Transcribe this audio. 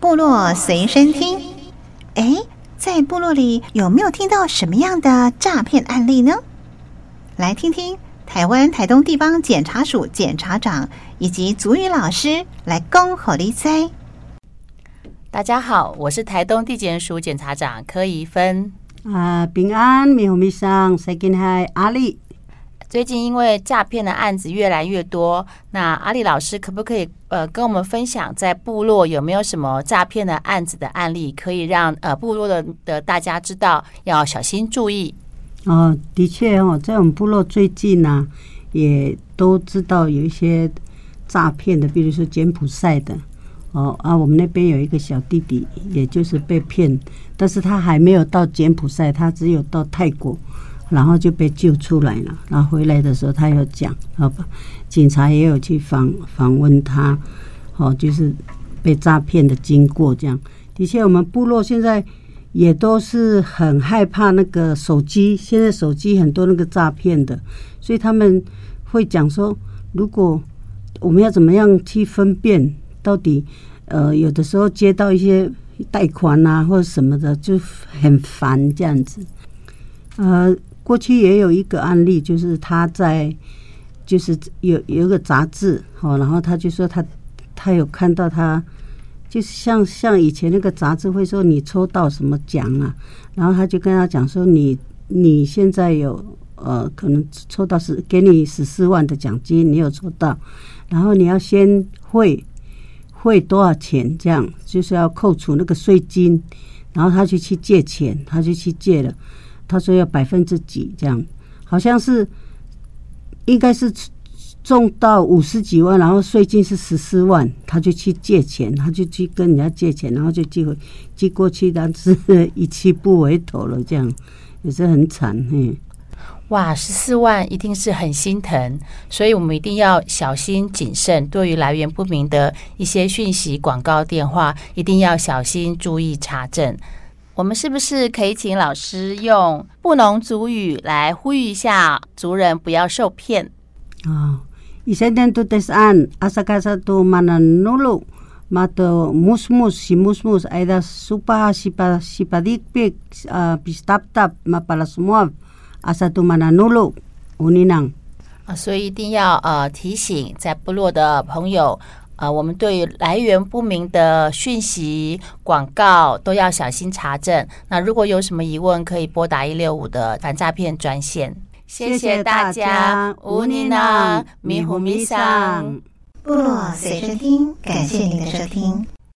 部落隨身聽，哎、欸，在部落裡有沒有聽到什麼樣的詐騙案例呢？來聽聽台灣台東地方檢察署檢察長以及族語老師來恭賀你噻！大家好，我是台東地檢署檢察長柯宜汾。啊，平安，你好，你好，最近還阿莉？最近因為詐騙的案子，越來越多，那阿莉老師可不可以呃跟我們分享，在部落有沒有什麼詐騙的案子的案例，可以讓呃部落的的大家知道要小心注意？哦、呃，的確哦，在我們部落最近呢、啊，也都知道有一些詐騙的，比如說柬埔寨的，哦、呃、啊，我們那邊有一個小弟弟，也就是被騙，但是他還沒有到柬埔寨，他只有到泰國。然後就被救出來了。然後回來的時候，他有講，好吧？警察也有去訪訪問他，哦，就是被詐騙的經過這樣。的確，我們部落現在也都是很害怕那個手機，現在手機很多那個詐騙的，所以他們會講說，如果我們要怎麼樣去分辨到底，呃，有的時候接到一些貸款啊或者什麼的就很煩這樣子，呃。過去也有一個案例，就是他在，就是有有一個雜誌哦，然後他就說他他有看到他，就是像像以前那個雜誌會說你抽到什麼獎啊，然後他就跟他講說你你現在有呃可能抽到十給你十四萬的獎金，你有抽到，然後你要先匯匯多少錢這樣，就是要扣除那個稅金，然後他就去借錢，他就去借了。他說要百分之幾這樣，好像是，應該是中到五十幾萬，然後稅金是十四萬，他就去借錢，他就去跟人家借錢，然後就寄回寄過去，但是一去不回頭了，這樣也是很慘。嘿，哇，十四萬一定是很心疼，所以我們一定要小心謹慎，對於來源不明的一些訊息、廣告電話，一定要小心注意查證。我們是不是可以請老師用布農族語來呼籲一下族人不要受騙啊！以前恁讀的是安，阿沙加沙讀曼那奴魯，嘛讀 musmus 是 musmus，愛的 super 是 pa 是 padip，呃，pis tap tap 嘛，巴拉什麼啊？阿沙讀曼那奴魯，烏尼囊啊！所以一定要呃提醒在部落的朋友。啊、呃，我們對來源不明的訊息廣告都要小心查證。那如果有什麼疑問，可以撥打一六五的反詐騙專線。謝謝大家，烏尼娜米胡米桑部落，隨時聽，感謝您的收聽。